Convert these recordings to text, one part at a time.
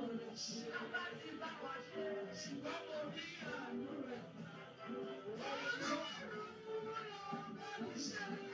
àánú rẹ̀ ṣe. Bàbá ti bá wa ṣe. Ṣùgbọ́n mo rí àánú rẹ̀. Olùdó àánú rẹ̀ ọ̀gá mi ṣẹlẹ̀.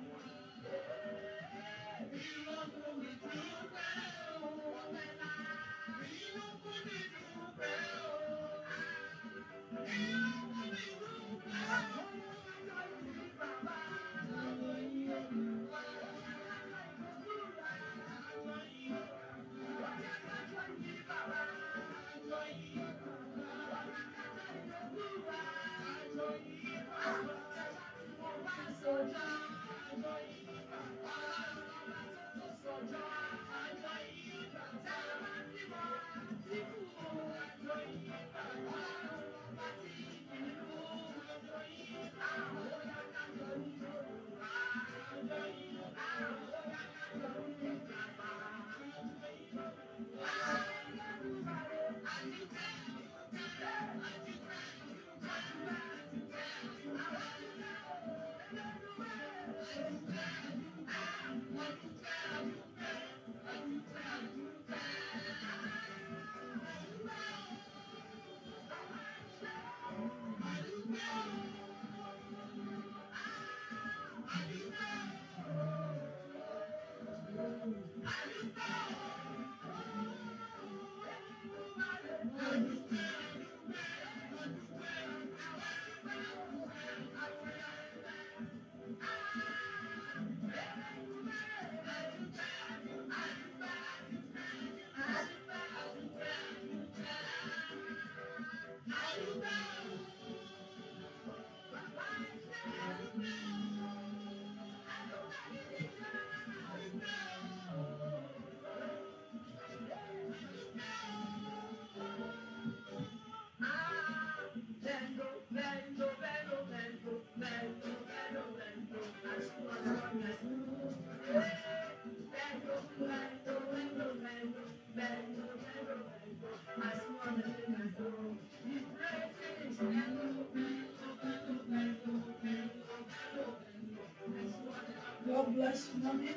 bless you, mommy.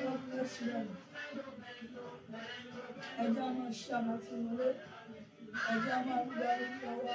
God bless you, mommy. Ẹja máa ṣe àmàtí wọlé. Ẹja máa gba ẹ̀yọ́ wa.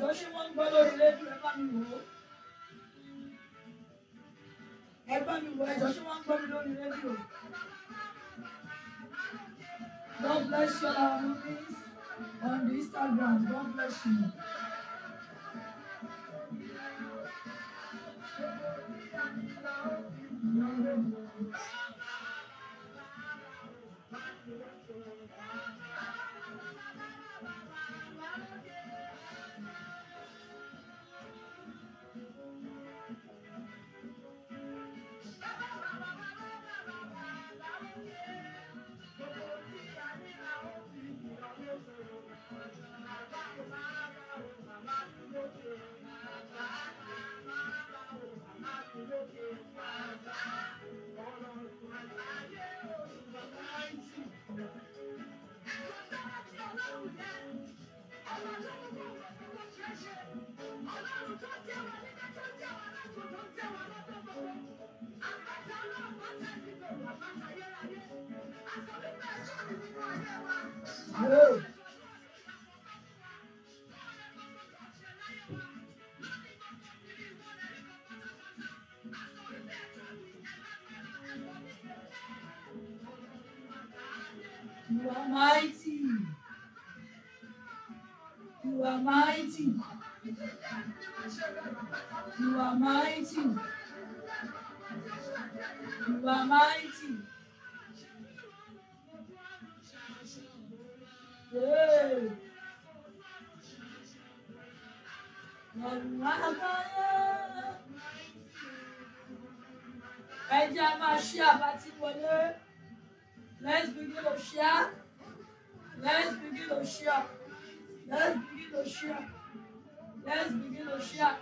àjọ ṣé wọ́n ń gbọ́ lórí rédíò ẹ bá mi wò ó ẹ bá mi wò ẹjọ ṣé wọ́n ń gbọ́ mi lórí rédíò. God bless you, our movies on the Instagram. God bless you. Ẹja máa ṣe Let's begin to share. Let's begin to share. Let's begin to share. Let's begin to share.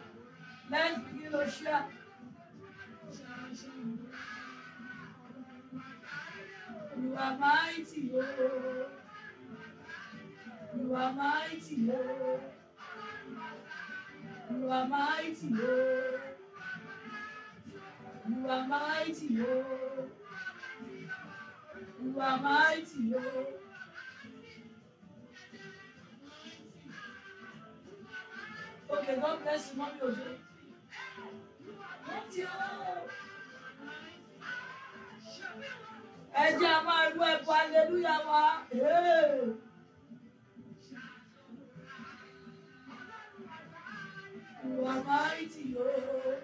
Let's begin to share. You are mighty, oh. You are mighty, Lord. You are mighty, Lord. You are mighty, Lord. You are mighty, Lord. Okay, God bless you, Mommy Ojo. Mighty, Lord. Ẹ jẹ́ a máa lu ẹ̀bùn aleluya wa. Hey. you are mighty o oh.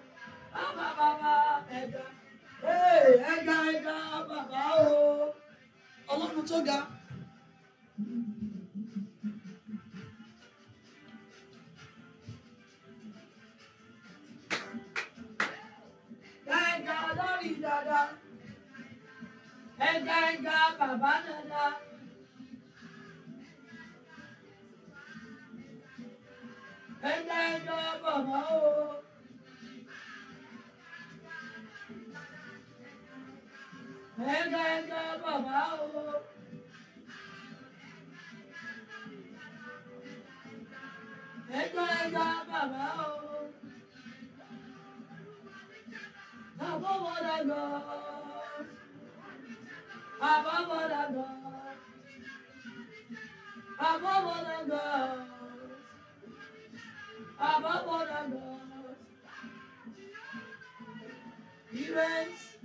ah, bàbá bàbá ẹ̀dá ẹ̀dá ẹ̀dá bàbá o ọlọ́run tó ga. Ẹ̀dá lórí dada, ẹ̀dá ẹ̀dá bàbá dada. ẹjẹ ẹjọ bọ̀bọ̀ o. ẹjẹ ẹjọ bọ̀bọ̀ o. ẹjọ ẹjọ bọ̀bọ̀ o. Àbọ̀ wọlé lọ. Àbọ̀ wọlé lọ. Above Events.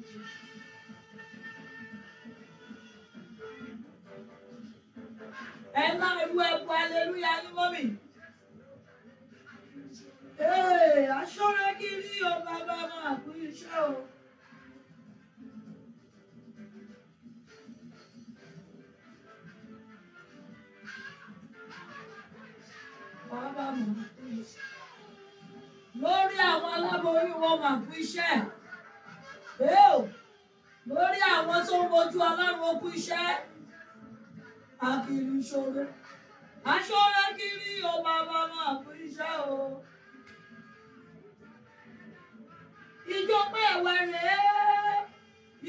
ẹ máa ru ẹ̀bùn aleluya ní mọ́mì. Ee, aṣọ́ra kí ni o bàbá máa kú iṣẹ́ o lórí àwọn aláboyún wọn mà kú iṣẹ́ lórí àwọn tó ń wojú ọlọ́run ó kú iṣẹ́ akiri ṣòro aṣọ́ra kiri ó bàbá mà kú iṣẹ́ o. ijó pé ẹ̀wẹ̀ rèé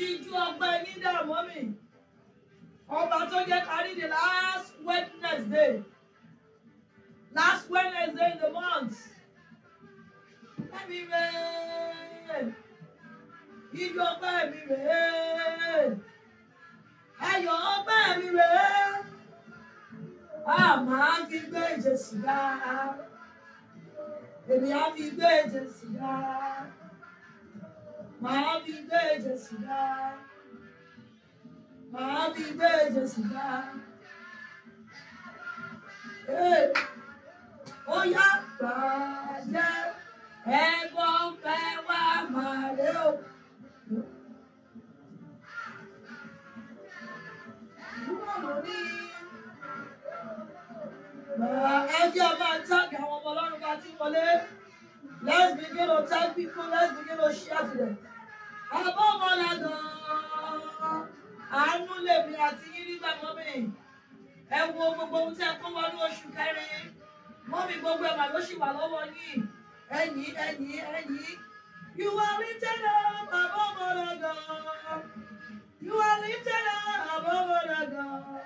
ijó ọgbẹ́ ní dààmú mi ọba tó jẹ́ kárí the last Wednesday. Last Wednesday in the month. Let me rain. Ijó ọpẹ́ mi rèé. Ayọ̀ ọpẹ́ mi rèé. A máa fi gbé baby, ga. Èmi á fi gbé Jésù ga. Màá fi gbé Jésù ga. Màá fi gbé Jésù ga. Hey ó bàjẹ́ ẹ̀gbọ́n fẹ́ wá màlẹ o. Ẹjẹ́ ọba tag àwọn ọmọ ọlọ́run bá ti wọlé. Let's begin to tag people, let's begin to share to them. Àbọ̀ ọmọ làgàn. Àánú lèmi àti yín nígbà mọ́ Ẹ wo gbogbo ohun tí ẹ kó wọnú oṣù kẹrin mọ́mí gbogbo ẹ̀wà ló ṣì wà lọ́wọ́ yìí ẹ̀yìn ẹ̀yìn ẹ̀yìn. You are lifted up above all other. You are lifted up above all other.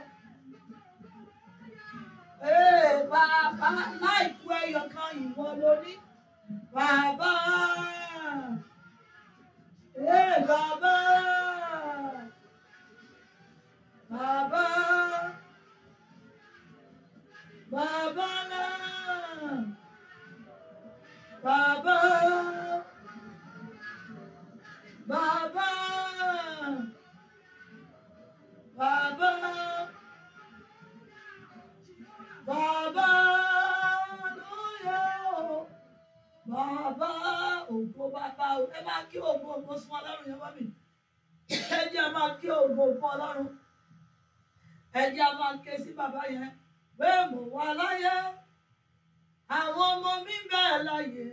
Ee bàbá láìpù ẹyọ kan ìwọ lóní. Bàbá. Ee bàbá. Baba, Baba, náà. Bàbá. Bàbá. Bàbá. Bàbá ló yẹ o. Bàbá ògo bàbá o. Ẹ máa kí ògo ògo fún ọlọ́run yẹn wá mi. Ẹ jẹ́ a Ẹ jẹ́ a máa ké sí bàbá yẹn. Bẹ́ẹ̀ mo wà láyé àwọn ọmọ mi ń bẹ láyé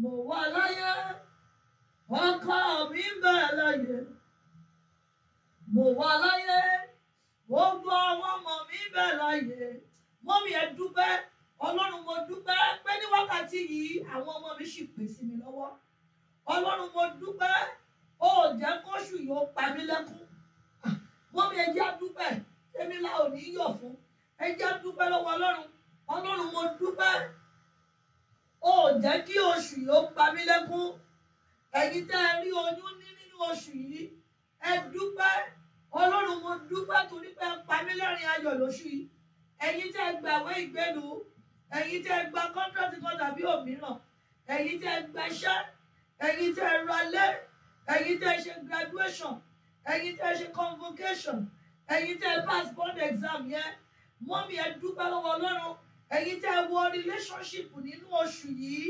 mo wà láyé ọkọ mi ń bẹ láyé mo wà láyé gbogbo àwọn ọmọ mi ń bẹ láyé mọ́mí ẹ dúpẹ́ ọlọ́run mo dúpẹ́ pé ní wákàtí yìí àwọn ọmọ mi sì pè sí mi lọ́wọ́ ọlọ́run mo dúpẹ́ ó jẹ́ kóṣù yóò pa mí lẹ́kún mọ́mí ẹ jẹ́ dúpẹ́ èmi ò ní yọ̀ fún ẹ jẹ́ dúpẹ́ lọ́wọ́ ọlọ́run ọlọ́run mo dúpẹ́ o ò jẹ́ kí oṣù yìí ó pa mí lẹ́kún ẹ̀yin tẹ́ ẹ rí oyún ní nínú oṣù yìí ẹ dúpẹ́ ọlọ́run mo dúpẹ́ torí pé ẹ pa mí lẹ́rìn ayọ̀ lóṣù yìí ẹ̀yin tẹ́ ẹ gbàwé ìgbélu ẹ̀yin tẹ́ ẹ gba kọ́ńtrọ́tì kan tàbí òmíràn ẹ̀yin tẹ́ ẹ gbẹ́ṣẹ́ ẹ̀yin tẹ́ ẹ ralé ẹ̀yin tẹ́ ẹ ṣe graduation ẹ̀yin tẹ́ ẹ ṣe convocation ẹ̀yin tẹ́ ẹ pass board exam yẹn mọ́mí ẹ dúpẹ́ lọ́wọ́ ọlọ́run ẹ̀yin tẹ́ a wọ relationship nínú oṣù yìí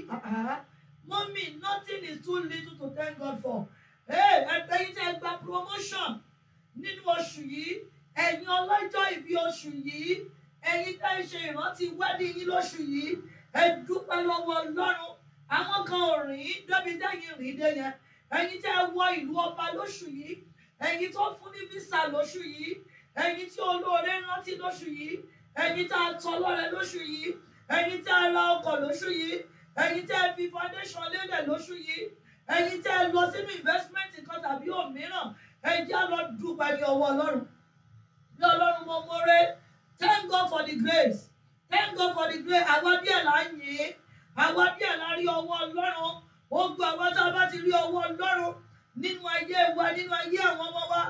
mọ́mí nothing is too little to thank God for ẹ̀yin tẹ́ a gba promotion nínú oṣù yìí ẹ̀yin ọlọ́jọ́ ìbí oṣù yìí ẹ̀yin tẹ́ ẹ ṣe ìrántí wedding yín lóṣù yìí ẹ dúpẹ́ lọ́wọ́ Ọlọ́run àwọn kan ò rìn débi dẹ́yìn rìn dé yẹn ẹ̀yin tẹ́ ẹ wọ ìlú ọba lóṣù yìí ẹ̀yin tó fún ní visa lóṣù yìí ẹ̀yin tí olóore rántí lóṣù yìí ẹni tá a tọ́ lọ́rẹ lóṣù yìí ẹni tá a ra ọkọ̀ lóṣù yìí ẹni tá a fi foundation lédè lóṣù yìí ẹni tá a lọ sínú investment kan tàbí òmíràn ẹjẹ́ lọ dúpẹ́ ní ọwọ́ ọlọ́run ní ọlọ́run mo mọ́rẹ́ thank God for the grace thank God for the grace àwa díẹ̀ là ń yìn àwa díẹ̀ là rí ọwọ́ ọlọ́run ó gbọ́ àwọn tá a bá ti rí ọwọ́ ọlọ́run nínú ayé wa nínú ayé àwọn ọmọ wa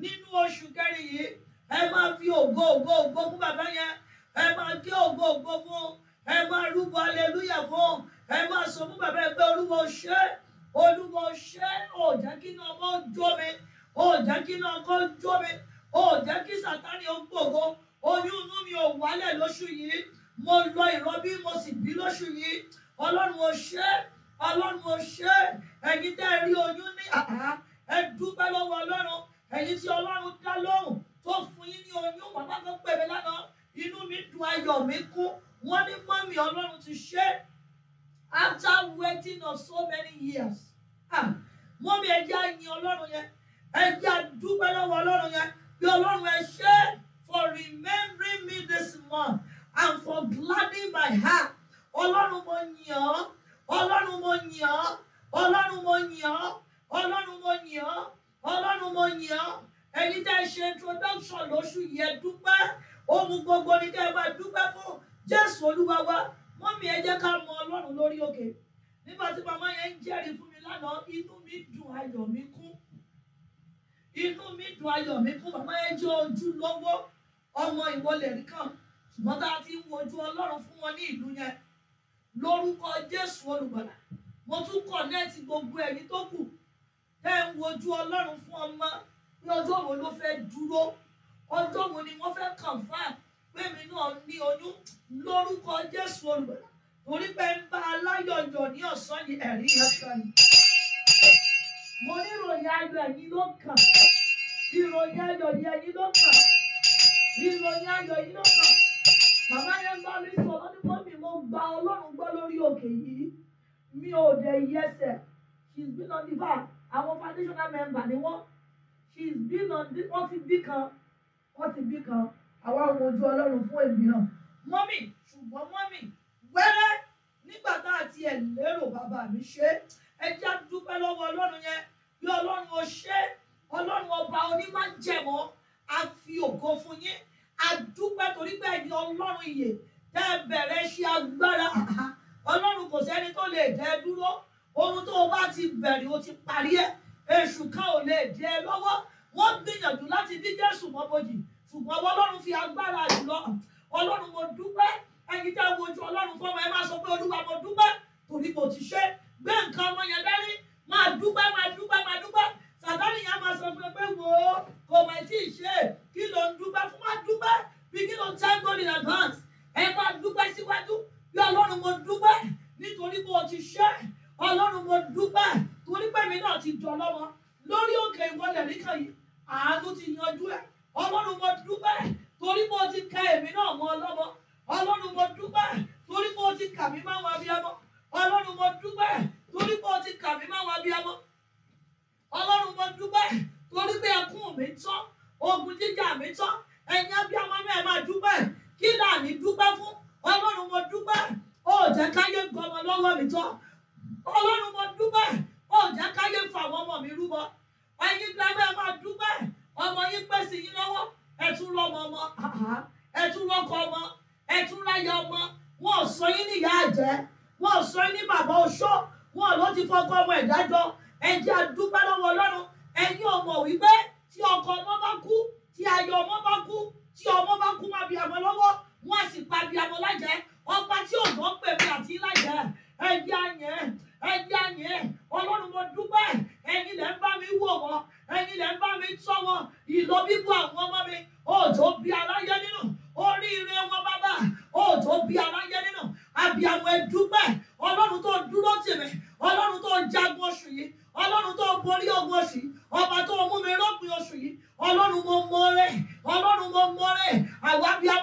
nínú oṣù kẹrin yìí ẹ máa fi ògo ògo ògo fún bàbá yẹn ẹ máa gé ògo ògo fún ẹ máa rúbọ aleluya fún ẹ máa sọ fún bàbá yẹn pé olúwa o ṣé olúwa o ṣé ò jẹ́ kí iná ọmọ jó mi ò jẹ́ kí iná ọkọ jó mi ò jẹ́ kí sàtánì ó gbògo oyún inú mi ò wálẹ̀ lóṣù yìí mo lọ ìrọbí mo sì bí lóṣù yìí ọlọ́run o ṣé ọlọ́run o ṣé ẹ̀yin tẹ́ ẹ rí oyún ní àhá ẹ dúpẹ́ lọ́wọ́ ọlọ́run ẹ̀yin tí ọlọ́run dá lóhùn fún yín ní oyún bàbá kan pè mí lánàá inú mi dùn ayọ̀ mi kú wọ́n ní mọ́mì ọlọ́run ti ṣe after waiting of so many years ah, mọ́mì ẹjẹ́ àyìn ọlọ́run yẹn ẹjẹ́ àdúpẹ́ lọ́wọ́ ọlọ́run yẹn bí ọlọ́run ẹ ṣe for remembering me this month and for gladdening my heart ọlọ́run mo yàn ọ́ ọlọ́run mo yàn ọ́ ọlọ́run mo yàn ọ́ ọlọ́run mo yàn ọlọ́run mo yàn ẹni tẹ́ ẹ ṣe introduction lóṣù yẹn dúpẹ́ ohun gbogbo ni kẹ́ ẹ máa dúpẹ́ fún jésù olúwa wa mọ́mí ẹ jẹ́ ká mọ ọlọ́run lórí òkè nígbà tí màmá yẹn ń jẹ́rìí fún mi lánàá inú mi dùn ayọ̀ mi kún inú mi dùn ayọ̀ mi kún màmá yẹn jẹ́ ojúlówó ọmọ ìwọlẹ̀ rí kàn ṣùgbọ́n tá a ti ń wojú ọlọ́run fún wọn ní ìlú yẹn lórúkọ jésù olùgbàlà mo tún kọ̀ nẹ́ẹ̀tì gbogbo ẹ̀yin tó kù tẹ́ ń wojú ọlọ́run fún ọmọ ní ọjọ́ wo ló fẹ́ dúró ọjọ́ wo ni wọ́n fẹ́ confirm pé mi náà ní oyún lórúkọ Jésù olùgbàlà torí pé ń bá aláyọ̀yọ̀ ní ọ̀sán yìí ẹ̀rí ẹ̀kan ni mo ní ìròyìn ayọ̀ ẹ̀yin ló kàn ìròyìn ayọ̀ ẹ̀yin ló kàn ìròyìn ayọ̀ ẹ̀yin ló kàn màmá yẹn bá mi sọ lọ́dúnkọ́ mi mo gba ọlọ́run gbọ́ lórí òkè yìí mi ò dẹ̀ yẹsẹ̀ she's been on the back àwọn foundational member ni wọ́n she's been on this wọ́n ti bí kan wọ́n ti bí kan àwa wo ojú ọlọ́run fún ìmíràn mọ́mì ṣùgbọ́n mọ́mì wẹ́rẹ́ nígbà tá a tiẹ̀ lérò bàbá mi ṣe ẹ jẹ́ dúpẹ́ lọ́wọ́ ọlọ́run yẹn bí ọlọ́run ó ṣe ọlọ́run ọba onímájẹ̀mọ́ a fi ògo fún yín a dúpẹ́ torí pé ẹni ọlọ́run iyè tẹ́ ẹ bẹ̀rẹ̀ ṣe agbára ọlọ́run kò sẹ́ni tó lè dẹ́ dúró ohun tó o bá ti bẹ̀rẹ̀ o ti parí ẹ̀ èṣù kan ò lè dí ẹ lọ́wọ́ wọ́n gbìyànjú láti dí jésù mọ́bojì ṣùgbọ́n ọlọ́run fi agbára jùlọ ọlọ́run mo dúpẹ́ ẹni tí a wojú ọlọ́run fọmọ ẹ máa sọ pé olúwa mo dúpẹ́ torí mo ti ṣe gbé nǹkan ọmọ yẹn dání máa dúpẹ́ máa dúpẹ́ máa dúpẹ́ sàtánì yẹn máa sọ fún ẹ pé wò ó kò mà tí ì ṣe kí ló ń dúpẹ́ fún máa dúpẹ́ bí kí ló ń tẹ́ God in advance ẹ máa dúpẹ́ síwájú bí ọlọ́run mo dúpẹ́ nítorí mo ti ṣe ọlọ́run mo dúpẹ́ torí pé mi náà ti jọ lọ́wọ́ lórí òkè ìwọlẹ̀ nìkan yìí àánú ti yanjú ẹ̀ ọlọ́run mo dúpẹ́ torí mo ti ka èmi náà mọ́ ọlọ́mọ ọlọ́run mo dúpẹ́ torí mo ti kà mí máa wọn abiyamọ ọlọ́run mo dúpẹ́ torí mo ti kà mí máa wọn abiyamọ ọlọ́run mo dúpẹ́ torí pé ẹkún mi tán ogun jíjà mi tán ẹ̀yin abiyamọ mi ẹ̀ máa dúpẹ́ kí náà dúpẹ́ fún ọlọ́run mo dúpẹ́ ó jẹ́ káyé gbọmọ lọ́wọ́ mi tán ọlọ́run mo dúpẹ́ ó káyé fa àwọn ọmọ mi rúbọ ẹ̀yin gbẹ́gbẹ́ máa dúpẹ́ ọmọ yín pẹ́ sí yín lọ́wọ́ ẹ̀tún lọ́mọ ọmọ ẹ̀tún lọ́kọ ọmọ ẹ̀tún láyà ọmọ wọn sọ yín níyà àjẹ́ wọn sọ yín ní bàbá oṣó wọn ló ti fọkọ ọmọ ìdájọ́ ẹ̀jẹ̀ àdúpẹ́ lọ́wọ́ ọlọ́run ẹ̀yin ọmọ wípé tí ọkọ ọmọ bá kú tí ayọ̀ ọmọ bá kú tí ọmọ bá kú máa bí àmọ́ lọ́wọ́ wọn sì pa bí àmọ́ lájẹ́ ọba tí òun pè mí àti lájẹ́ ẹ̀jẹ̀ àyẹ̀ ẹ jẹ́ ọlọ́run mo dúpẹ́ ẹ̀yin lẹ́ ń bá mi wò wọ́n ẹ̀yin lẹ́ ń bá mi tọ́ wọn ìlọ àwọn ọmọ mi òjò bí aláyẹ nínú oríire wọn bàbá òjò bí aláyẹ nínú àbí àwọn ẹdúpẹ́ ọlọ́run tó dúró tèmi ọlọ́run tó jagun oṣù yìí ọlọ́run tó borí ogun oṣù yìí ọba tó mú mi rọ́pin oṣù yìí ọlọ́run mo mọ rẹ̀ ọlọ́run mo mọ rẹ̀ àwa bí a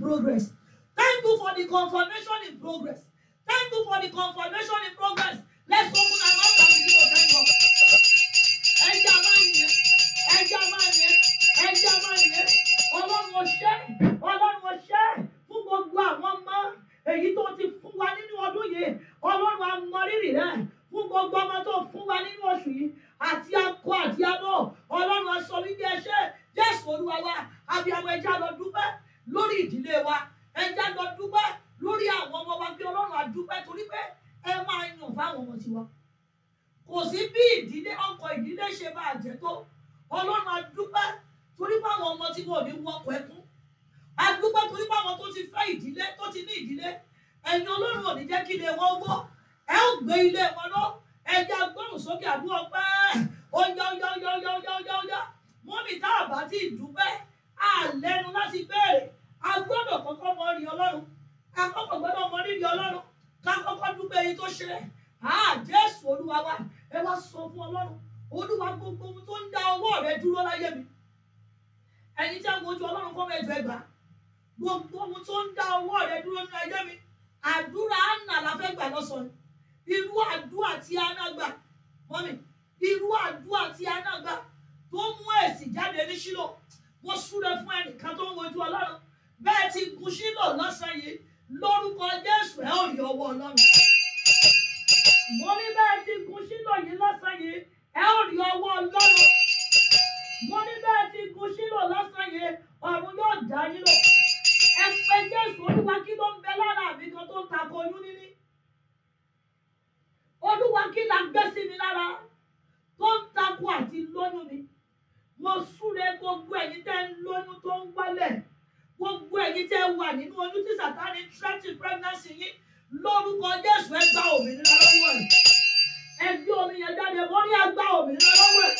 progress. Thank you for the confirmation in progress. Thank you for the confirmation in progress. Let's open our mouth and begin to thank God. Ẹja máa ń yẹ, ẹja máa ń yẹ, ẹja máa ń yẹ. Ọlọ́run ọṣẹ́, Ọlọ́run ọṣẹ́ fún gbogbo àwọn ọmọ èyí tó ti fún wa nínú ọdún yìí. Ọlọ́run amọ̀rírì rẹ̀ fún gbogbo ọmọ tó fún wa nínú oṣù yìí àti akọ àti abo. Ọlọ́run aṣọ wípé ẹṣẹ́ Jésù Olúwa wa, àbí àwọn ẹja lọ dúpẹ́ lórí ìdílé wa ẹja lọ dúpẹ́ lórí àwọn ọmọ wa bí ọlọ́run á dúpẹ́ torí pé ẹ máa yàn fáwọn ọmọ tiwa kò sí bí ìdílé ọkọ̀ ìdílé ṣe máa jẹ́ tó ọlọ́run á dúpẹ́ torí pé àwọn ọmọ tí wọn ò ní wọkọ̀ ẹkún á dúpẹ́ torí pé àwọn tó ti fẹ́ ìdílé tó ti ní ìdílé ẹ̀yin ọlọ́run ò ní jẹ́ kí ilé wọn wọ́ ẹ ó gbé ilé wọn lọ ẹja gbọ́rùn sókè àdúrà pẹ́ ó yá ó yá ó yá ó yá ó yá bá ti dúpẹ́ àlẹ́nu láti béèrè a gbọ́dọ̀ kọ́kọ́ mọ rí ọlọ́run akọ́kọ́ gbọ́dọ̀ mọ rírì ọlọ́run kákọ́kọ́ dúpẹ́ èyí tó ṣe á jésù olúwa wa ẹ wá sọ fún ọlọ́run olúwa gbogbo ohun tó ń da ọwọ́ rẹ dúró láyé mi ẹni tí a ń wojú ọlọ́run kọ́ mẹ́jọ ẹgbà gbogbo ohun tó ń da ọwọ́ rẹ dúró nínú ayé mi àdúrà àná la fẹ́ gbà lọ́sàn-án irú àdúrà tí àná gbà mọ́mi irú àdúrà tí àná gbà tó mú èsì jáde ní ṣílò mo súre fún ẹnìkan tó ń wojú ọlọ́run bẹ́ẹ̀ ti gun sílò lọ́sàn yìí lórúkọ jésù ẹ ò rí ọwọ́ ọlọ́run mo ní bẹ́ẹ̀ ti gun sílò yìí lọ́sàn yìí ẹ ò rí ọwọ́ ọlọ́run mo ní bẹ́ẹ̀ ti gun sílò lọ́sàn yìí ọ̀run yóò dá yín lọ ẹ pé jésù olúwa kí ló ń bẹ lára àbí kan tó ń takò oyún níní olúwa kí la gbé sí mi lára. mo súre gbogbo ẹ̀yin tẹ́ ń lóyún tó ń wálẹ̀ gbogbo ẹ̀yin tẹ́ wà nínú oyún tí sàtáni threatening pregnancy yín lórúkọ jésù ẹ gba òmìnira lọ́wọ́ rẹ̀ ẹ omi yẹn jáde wọ́n ní ẹ òmìnira lọ́wọ́ rẹ̀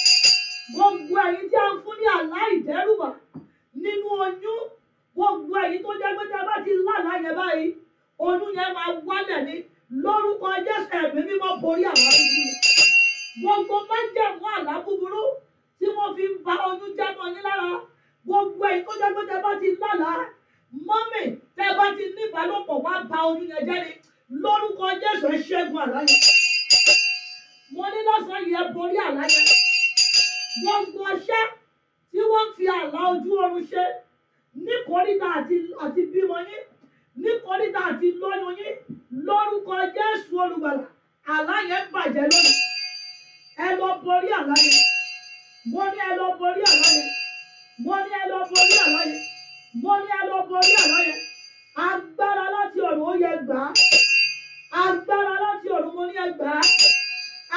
gbogbo ẹ̀yin tí a ń fún ní àlá nínú oyún gbogbo ẹ̀yin tó jẹ́ pé bá ti lálàá yẹn báyìí oyún yẹn máa wálẹ̀ ní lórúkọ jésù ẹ̀mí mímọ́ borí àlá búburú gbogbo májẹ̀mú àlá búburú tí wọ́n fi ń ba oyún jẹ́ mọ́ yín lára gbogbo ẹ̀ tó jẹ́ pé tẹ bá ti lálàá mọ́mì tẹ bá ti ní ìbálòpọ̀ wá ba oyún yẹn jẹ́ ni lórúkọ Jésù ẹ ṣẹ́gun àlàyé mo ní lọ́sàn-án yìí ẹ borí àlàyé gbogbo ọṣẹ́ tí wọ́n fi àlà ojú ọrùn ṣe ní kórìíta àti bímọ yín ní kórìíta àti lóyún yín lórúkọ Jésù olùgbàlà àlàyé bàjẹ́ lónìí ẹ lọ borí àlàyé mo ní ẹ lọ borí ọ̀rọ̀ yẹn mo ní ẹ lọ borí ọ̀rọ̀ yẹn mo ní ẹ lọ borí ọ̀rọ̀ yẹn agbára láti ọ̀run ó yẹ gbà á agbára láti ọ̀run mo ní ẹ gbà á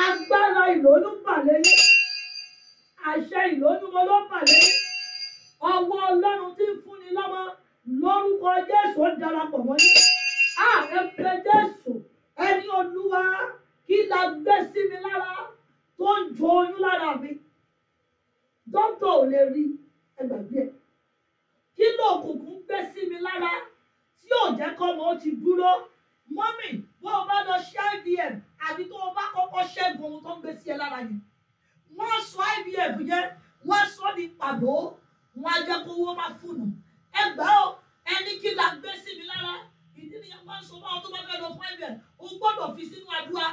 agbára ìlónú pàlẹ́ yín àṣẹ ìlónú mo ló pàlẹ́ yín ọwọ́ ọlọ́run tí ń fúnni lọ́mọ lórúkọ jésù ó darapọ̀ mọ́ yín á ẹ jésù ẹni olúwa kí la gbé sí mi lára tó ń jó oyún lára mi dókítà ò lè rí ẹgbàgbé ẹ̀ kí ló òkùnkùn gbé sí mi lára tí yóò jẹ́ kọ́ mọ́ ó ti dúró mọ́mì bó o bá lọ ṣe IVF àbí tó o bá kọ́kọ́ ṣẹ́gun ohun tó ń gbé sí ẹ lára yẹn wọ́n sọ IVF yẹn wọ́n sọ ní pàbó wọ́n á jẹ́ kó owó máa fúnù ẹgbẹ́ o ẹni kí la gbé sí mi lára ìdí nìyẹn wọ́n sọ fún àwọn tó bá fẹ́ lọ fún IVF o gbọ́dọ̀ fi sínú àdúrà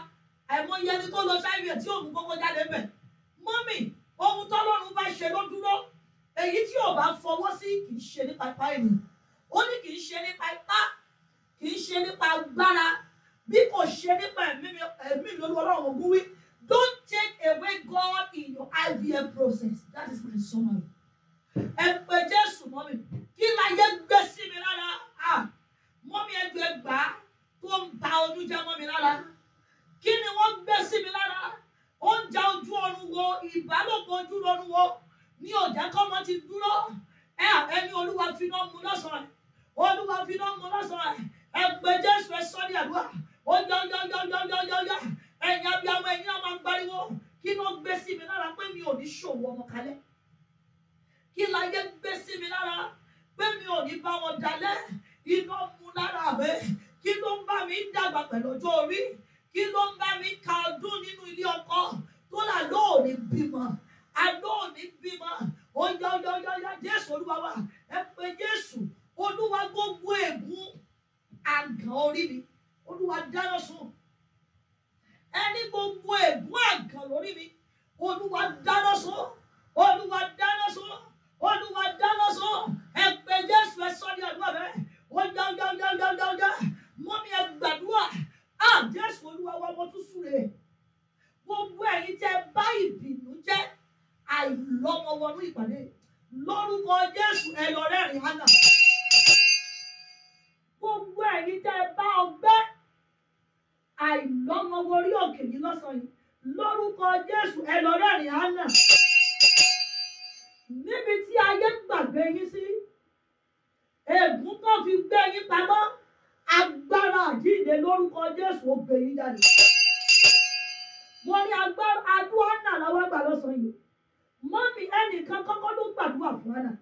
àìmọye ẹni tó lọ ṣe IVF tí òun kọ́kọ́ jáde bẹ̀ time Jésù ẹ lọ rẹ́rìn ánà níbi tí ayé gbàgbé yín sí ègún tó fi gbé yín pamọ́ agbára àjíǹde lórúkọ Jésù ó gbé yín jáde mo ní agbára adúlọ́ náà lọ́wọ́ gbà lọ́sàn-án yìí mọ́mí ẹnìkan kọ́kọ́ ló gbàdúrà fún àná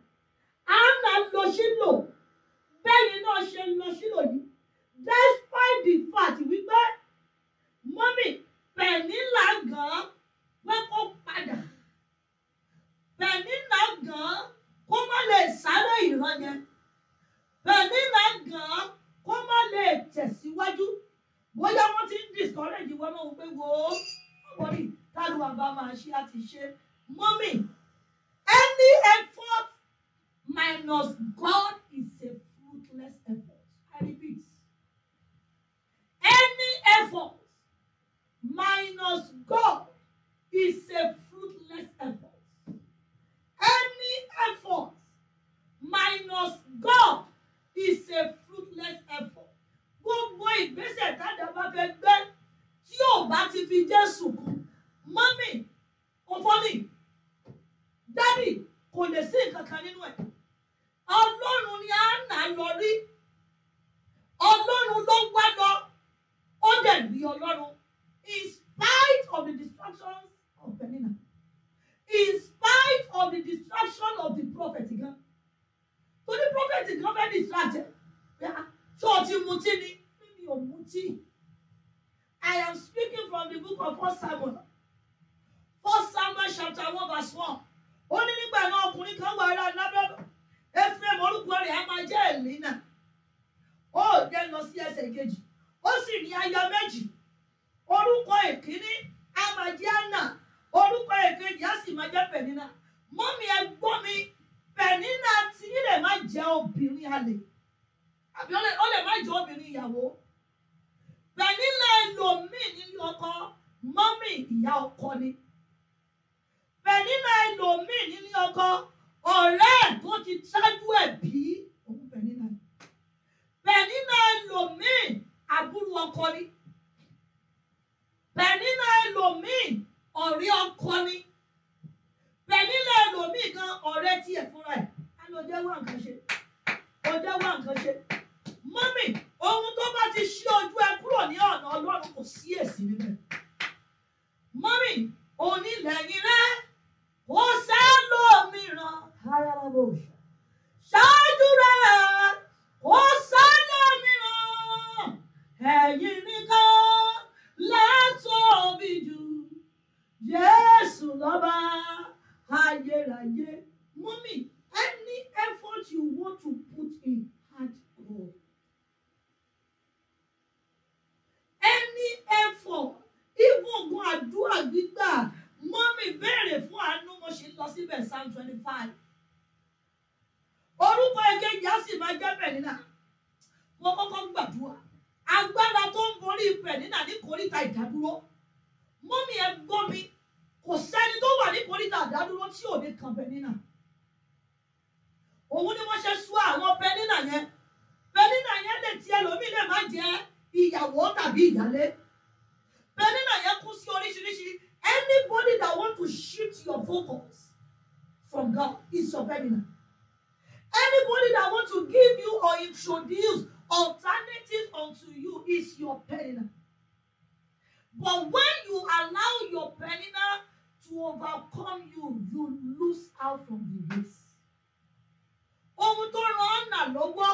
àná lọ sílò bẹ́yìn náà ṣe lọ sílò yìí despite the fact wípé mọ́mí pẹ̀lú làgàn pé kó padà Pẹ̀nínà gan kó má lè sáré ìran yẹn Pẹ̀nínà gan kó má lè tẹ̀síwájú bóyá wọ́n ti ń discourage wọ́n mọ̀ wípé wo ọmọbìnrin tálu àbá máa ṣe àti ṣe mọ́mì any effort minus God is a fruitless effort I repeat any effort minus God is a fruitless effort. Any effort minus God is a fruitless effort. Gbogbo ìgbésẹ̀ tájà bá fẹ́ gbé tí ò bá ti fi Jésù kù. Mọ́mì, òfòlì, dádì kò lè sí nǹkan kan nínú ẹ̀. Ọlọ́run ni a nà lọ rí. Ọlọ́run ló wá lọ. Ó dẹ̀ rí Ọlọ́run. In spite of the destruction. Penina. In spite of the destruction of the prophet gan. Tó ní prophet gan fẹ́ distract ẹ̀. Ṣé o ti I am speaking from the book of First Samuel. First Samuel chapter one verse one. Ó ní nígbà náà ọkùnrin kan wà ará Nábẹ́bẹ́. Ephraim orúkọ rẹ̀ á máa jẹ́ Elina. Ó jẹ́ lọ sí ẹsẹ̀ kejì. Ó sì ní aya méjì. Orúkọ ìkíní á máa jẹ́ Anna orúkọ èkejì á sì máa jẹ́ pẹ̀nínà mọ́mí ẹ gbọ́ mi pẹ̀nínà tí lè má jẹ́ obìnrin àlè àbí ó lè má jẹ́ obìnrin ìyàwó pẹ̀nínà ẹlòmíì nínú ọkọ mọ́mí ìyá ọkọ ni pẹ̀nínà ẹlòmíì nínú ọkọ ọ̀rẹ́ tó ti ṣáájú ẹ̀ bí òun pẹ̀nínà pẹ̀nínà ẹlòmíì àbúrò ọkọ ni pẹ̀nínà ẹlòmíì ọ̀rẹ́ ọkọ ni bẹ́ẹ̀ nílẹ̀ ẹlòmíì gan ọ̀rẹ́ tiẹ̀ fúnra ẹ̀ á lọ jẹ́ wá nǹkan ṣe ó jẹ́ wá nǹkan ṣe mọ́mì ohun tó bá ti ṣí ojú ẹ kúrò ní ọ̀nà ọlọ́run kò sí èsì níbẹ̀ mọ́mì onílẹ̀yìn rẹ ó sá lómìíràn ara bò ṣáájú rẹ ó sá lómìíràn ẹ̀yìn nìkan lẹ́tọ̀ọ́ bí jù. Jésù lọ́ba ayérayé. Mọ́mì, any effort you want to put in, hard go. Any effort, even ogun àdúrà gbígbà, mọ́mì béèrè fún àánú mo ṣe lọ síbẹ̀ Psalm twenty five. Orúkọ ẹ̀kejì á sì máa jẹ́ bẹ̀rẹ̀ náà. Mo kọ́kọ́ gbàdúrà. Agbára tó ń borí ibẹ̀ nínà ní kòríta ìdádúró mọ́mí ẹ gbọ́ mi kò sẹ́ni tó wà ní kòríta àdádúró tí ò ní kan Penina òun ni wọ́n ṣe sú àwọn Penina yẹn Penina yẹn lè ti ẹlòmíì lè má jẹ ìyàwó tàbí ìyálé Penina yẹn kú sí oríṣiríṣi anybody that want to shift your focus from God is your Penina anybody that want to give you or introduce alternative unto you is your Penina. But when you allow your peninel to overcome you, you lose out from the race. Ohun tó ran ọ̀nà lọ́wọ́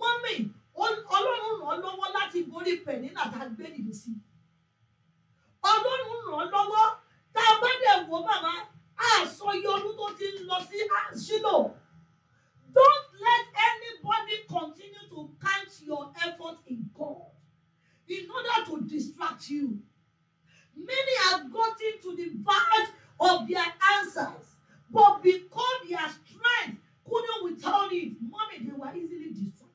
mọ́mì Ọlọ́run ràn án lọ́wọ́ láti borí pẹ̀nínà tá a gbé nìyí sí. Ọlọ́run ràn án lọ́wọ́ tá a bá dẹ̀ wò màmá àsọyé ọdún tó ti lọ sí àṣìlò. Don't let anybody continue to count your effort in God in order to distract you. Many have gotten to the verge of their answers, but because their strength couldn't withstand it, mommy, they were easily distracted.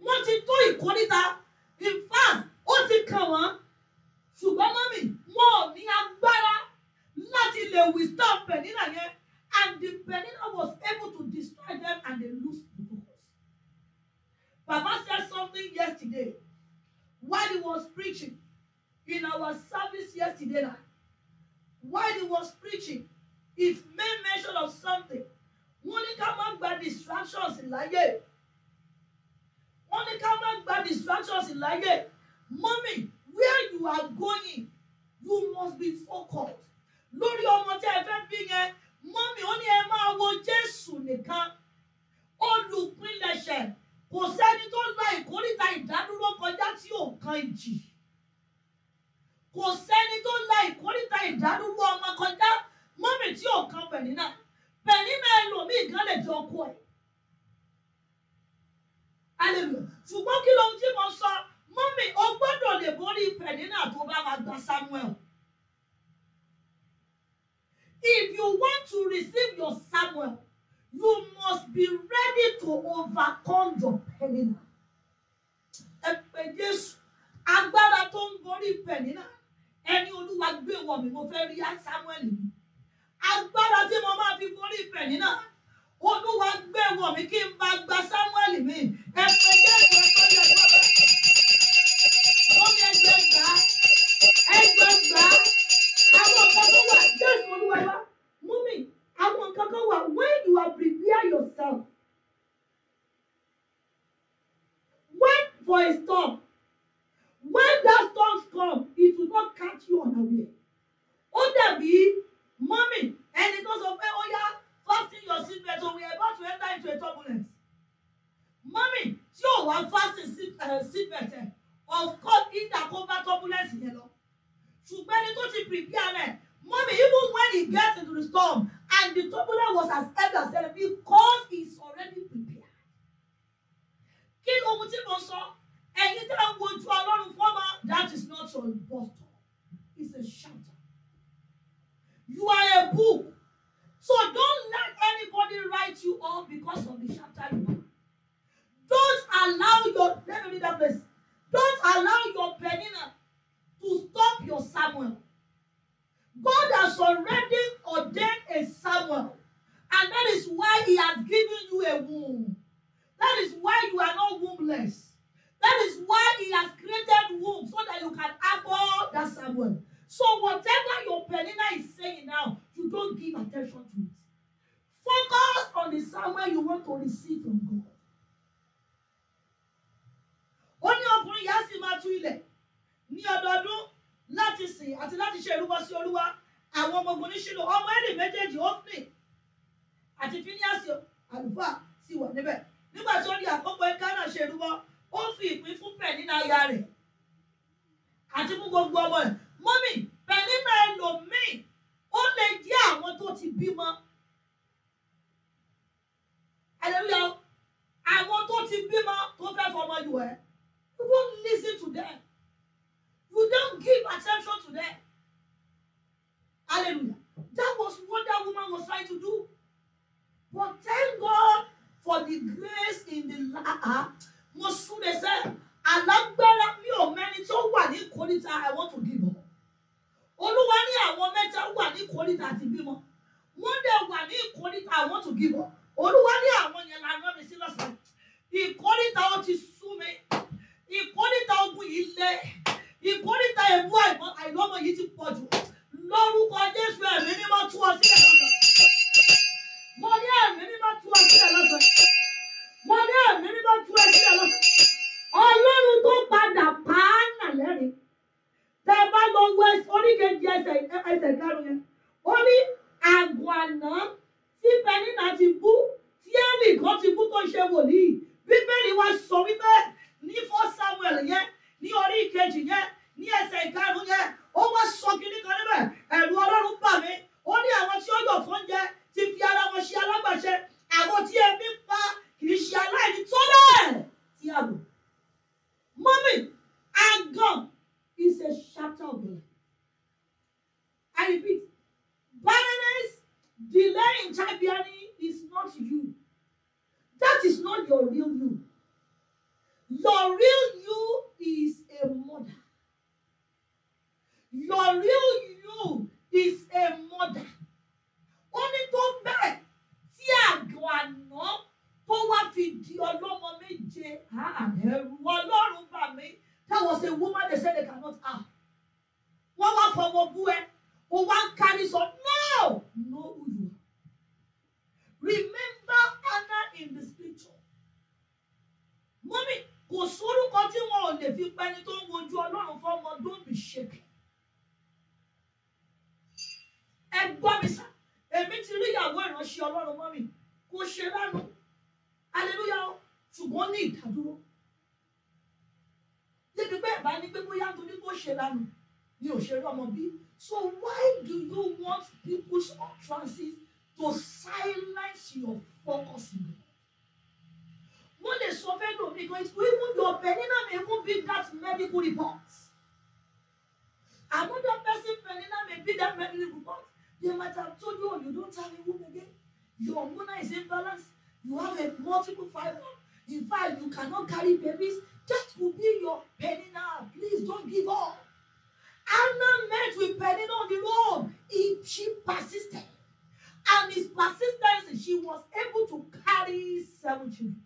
Wọ́n ti tó ìkórìíta, in fact, ó ti kàn wọ́n, ṣùgbọ́n mọ́mì, wọn ò ní agbára láti lè withstand Penina yẹn, and the Penina was able to destroy them and they lose the focus. Baba said something yesterday while he was preaching in our service yesterday night, while he was preaching, it made mention of something. Wọ́n ní ká má distractions in Wọ́n ní ká má gba distractions láyé. Mọ́mì, where you are going, you must be focused. Lórí ọmọ tí ẹ fẹ́ bí yẹn, mọ́mì ó ní ẹ máa wo Jésù nìkan. Olùpilẹ̀ṣẹ̀ kò sẹ́ni tó la ìkórìtà ìdádúró kọjá tí ò kan ìjì kò sẹ́ni tó la ìkórìtà ìdádúró ọmọ kọjá mọ́mì tí ò kan pẹ̀línà pẹ̀línà ẹlòmíì gan lè jọ ọkọ ẹ̀ aleluya ṣùgbọ́n kí lóhun tí mo sọ mọ́mì o gbọ́dọ̀ lè borí pẹ̀línà tó bá máa gba Samuel if you want to receive your Samuel you must be ready to overcome your pẹ̀línà ẹ pè Jésù agbára tó ń borí pẹ̀línà ẹni olúwa gbé wọ̀ mí mo fẹ́ rí Samuel mi agbára tí mo máa fi borí ìfẹ́ nínà olúwa gbé wọ̀ mí kí n bá gba Samuel mi ẹ pé jẹ́rìí ẹ tó yẹ kó bẹ́ẹ̀ lórí ẹgbẹ́ gbà ẹgbẹ́ gbà àwọn nǹkan tó wà jésù olúwa wá mú mi àwọn nǹkan tó wà when you are prepare yourself wait for a storm when that storm come it will not catch you unaware ó dàbí mọ́mì ẹni tó sọ pé ó yá fasten your seat belt we are about to enter into a turbulence mọ́mì tí ò wá fasten seat eh, belt ẹ̀ of course it ìdàkóbá turbulence yẹn lọ ṣùgbọ́n ẹni tó ti prepare rẹ̀ mọ́mì even when he gets into the storm and the turbulence was as heavy as hell because he is already prepared kí ni ohun tí mo sọ. So? ẹ̀yin tẹ́ ń wojú ọlọ́run fọ́mọ that is not your bottle it's a shelter you are a book so don't let anybody write you off because of the shelter you are don't allow your let me read that place don't allow your penina to stop your Samuel God has already ordained a Samuel and that is why he has given you a womb that is why you are not wombless. That is why he has created womb so that you can abort that Samuel. So whatever your Penina is saying now, you don't give attention to it. Focus on the Samuel you want to receive from God. Ó ní ọkùnrin yẹn sì máa tú ilẹ̀ ní ọdọọdún láti sìn àti láti ṣe ìrúbọ sí Olúwa. Àwọn ọmọ ogun ní Ṣílò ọmọ ẹ̀rì méjèèjì Ófìnì àti Fíníàsì àlùfáà sì wà níbẹ̀. Nígbà tí ó di àkókò ẹ̀ka náà ṣe ìrúbọ ó fi ìpín fún pẹ̀ nínú aya rẹ̀ àti fún gbogbo ọmọ rẹ̀ mọ́mì pẹ̀ nínú ẹlòmíì ó lè jẹ́ àwọn tó ti bímọ hallelujah àwọn tó ti bímọ tó fẹ́ fọmọ yù ẹ́ you don't listen to them you don't give attention to them hallelujah that was what that woman was trying to do but thank God for the grace in the heart. Uh, ah, mo súre sẹ́ alágbára mi ò mẹ́ni tó wà ní kórìíta I want to give up olúwa ní àwọn mẹ́ta wà ní kórìíta àti bímọ wọ́n dẹ̀ wà ní kórìíta I want to give up olúwa ní àwọn yẹn la rán mi sí lọ́sàn-án ìkórìíta ó ti sú mi ìkórìíta ogun yìí lé ìkórìíta ẹ̀bú àìlọ́mọ yìí ti pọ̀ jù lórúkọ Jésù ẹ̀mí mímọ́ tú ọ sílẹ̀ lọ́sàn-án mo ní ẹ̀mí mímọ́ tú ọ sílẹ̀ lọ́sàn-án mo ní ẹ̀mí mímọ́ ju ẹsẹ̀ lọ ọlọ́run tó padà pa á nà lẹ́rìí tẹ bá lọ wọ oríkejì ẹsẹ̀ ẹsẹ̀ kẹrin yẹn ó ní àgọ́ àná tí penina ti bú tí ẹnì kan ti bú tó ṣe wòlíì bíbélì wa sọ wípé ní fọ́ samuel yẹn ní orí ìkejì yẹn ní ẹsẹ̀ ìkarùn yẹn ó wá sọ kínní kan níbẹ̀ ẹ̀rù ọlọ́run bà mí ó ní àwọn tí ó yọ̀ fún oúnjẹ ti fi ara wọn ṣe alágbàṣe àwọn tí ẹbí pa kì í ṣe aláìní tó bẹ́ẹ̀ tí a lò mọ́mì àgàn is a chapter of your I repeat barrenness delay in childbearing is not you that is not your real you your real you is a mother your real ti ọlọ́mọ méje ah. ọlọ́run gbà mí that was a woman they said they cannot ah. wọ́n wá fọmọ bú ẹ o wá ń kárí sọ now know who you are remember Anna in the scripture mọ́mí kò sórúkọ tí wọn ò lè fi pẹ́ni tó ń wojú ọlọ́run fọmọ don't be shaken ẹ gbọ́ mi sá èmi ti rí ìyàwó ìránṣẹ́ ọlọ́run mọ́mí kò ṣe lánàá aleluya o ṣùgbọ́n ní ìdádúró débi bẹ́ẹ̀ bá ní pé bóyá torí kò ṣe lánà ni ò ṣe rí ọmọ bí so why do you want people's utterances to silence your focus in them? wọ́n lè sọ fẹ́ lómi gan it will even your penina may even be that medical report another person penina may be that medical report they might have told you oh you don't have a womb again your hormonal is imbalanced You have a multiple five. In fact, you cannot carry babies. That will be your now. Please don't give up. Anna met with Penina on the road. If she persisted, and his persistence, she was able to carry seven children.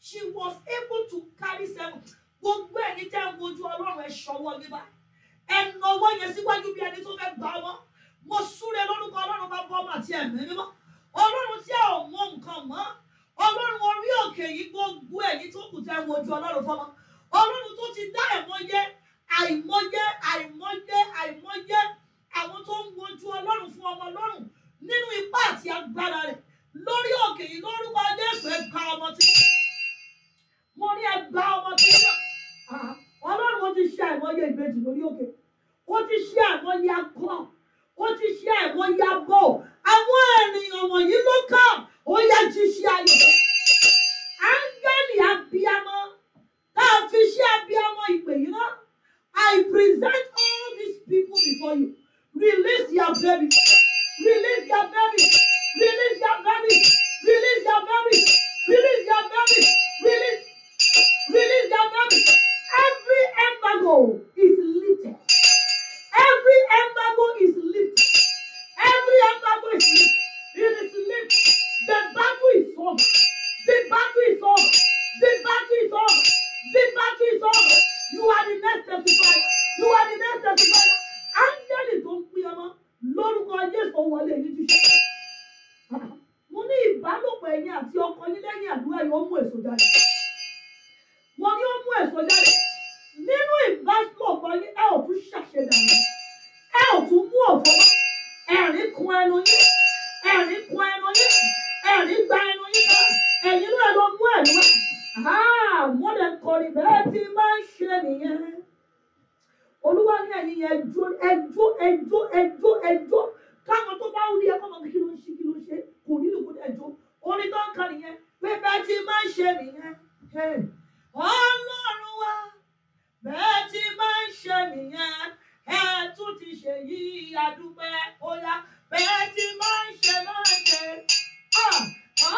She was able to carry seven. Gbogbo ẹni tẹ́ ń wojú Ọlọ́run ẹ ṣọwọ́ yín Ẹ nọwọ́ yẹn síwájú bí ẹni tó fẹ́ gbà ọlọ́run wa bẹ́ẹ̀ ti máa ń ṣe nìyẹn ẹ tún ti ṣe yìí adúpẹ́ ọlá bẹ́ẹ̀ ti máa ń ṣe máa ń ṣe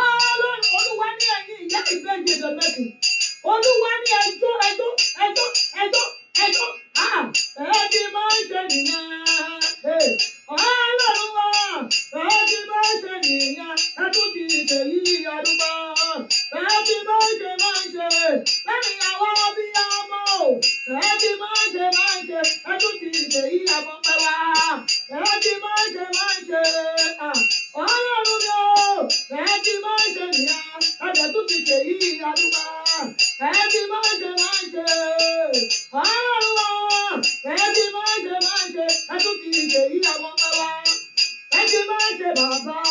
ọlọ́run olúwa ní ẹ̀yìn ìyá ìgbẹ́jì ìdọ̀mẹ́kì olúwa ní ẹjọ́ ẹjọ́ ẹjọ́ ẹjọ́ ẹjọ́ bẹ́ẹ̀ ti máa ń ṣe nìyẹn ọlọ́run wa bẹ́ẹ̀ ti máa ń ṣe nìyẹn ẹ tún ti ṣe yìí adúpẹ́. Happy birthday, Manje. Mẹ́rin àwọn bí ọmọ o. Happy birthday, Manje. Ẹdún ti ṣe yí àbọ̀ pẹ́ wá. Happy birthday, Manje. Ọlọ́run mi o. Happy birthday mi a. Ẹ̀jẹ̀ tún ti ṣe yí àdúgbà. Happy birthday, Manje. Ọlọ́run o. Happy birthday, Manje. Ẹdún ti ṣe yí àbọ̀ pẹ́ wá ti bá ṣe bàbá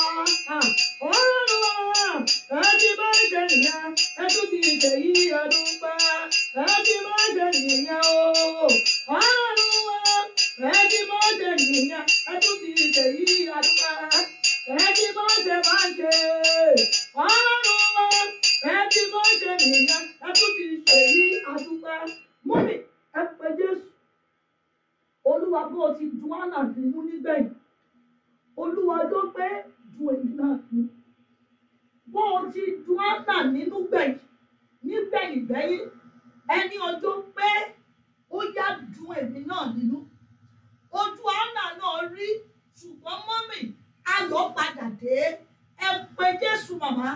olúwa bó ti dùn ánà nínú nígbẹ̀yìn olúwa ọjọ́ pé du èmi náà ni bó o ti du ánà nínú gbẹ̀yìn nígbẹ̀yìn gbẹ̀yìn ẹni ọjọ́ pé ó yá du èmi náà nínú ojú ánà náà rí ṣùgbọ́n mọ́mì ayọ̀ padà dé ẹ pé jésù màmá